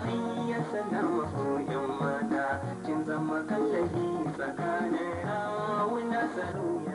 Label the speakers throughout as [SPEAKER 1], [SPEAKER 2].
[SPEAKER 1] hayyata na masoyin mata kin zama kallabi tsakanin rawuna saruya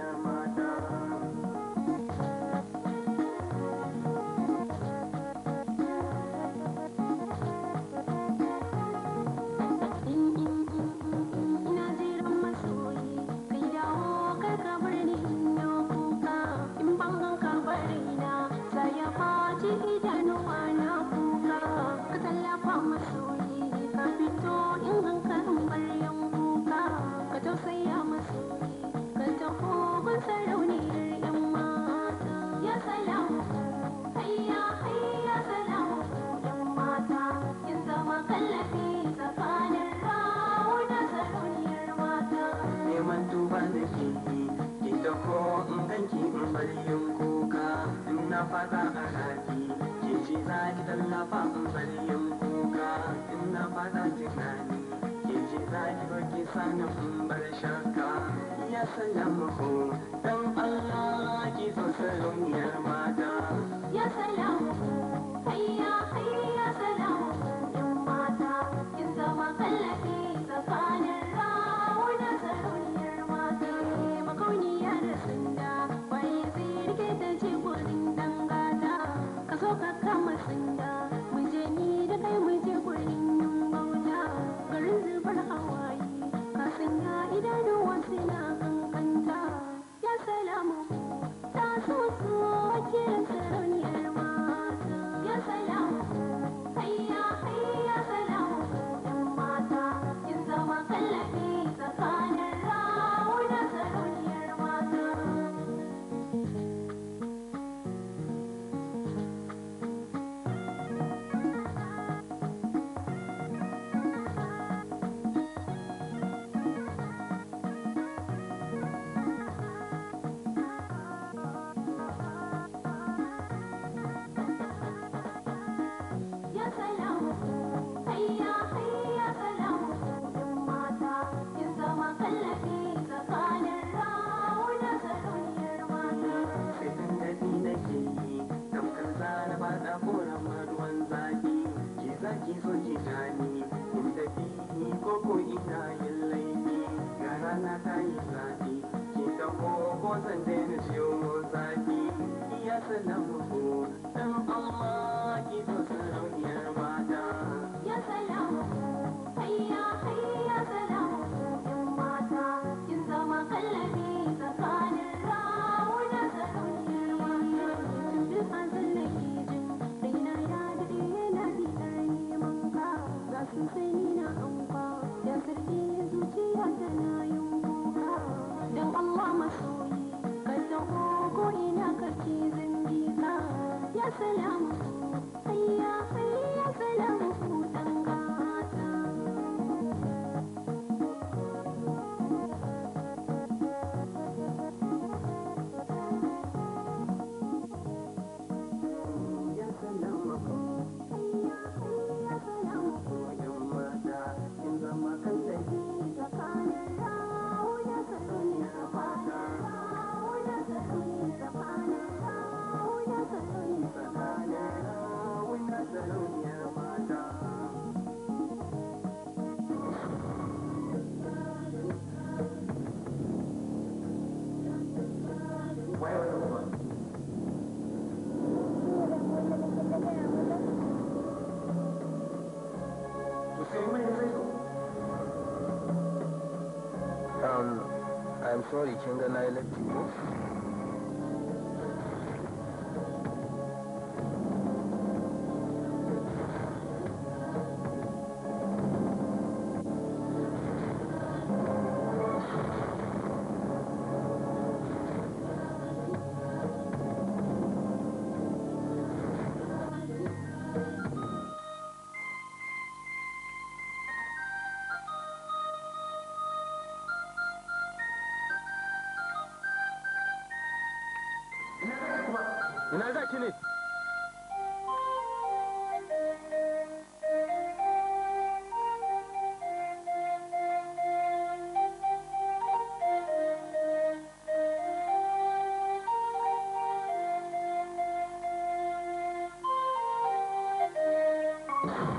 [SPEAKER 1] idan na faɗin sanyin kuka in na faɗa tunani ke ce za ki roƙi sani in ya salamu dan Allah ki mata ya salamu salamu
[SPEAKER 2] mata zama kallafi
[SPEAKER 1] zan daina ciwo zafi iya sanan mu in Allah السلام 你说以前的那嘞？Inalda sini.
[SPEAKER 2] you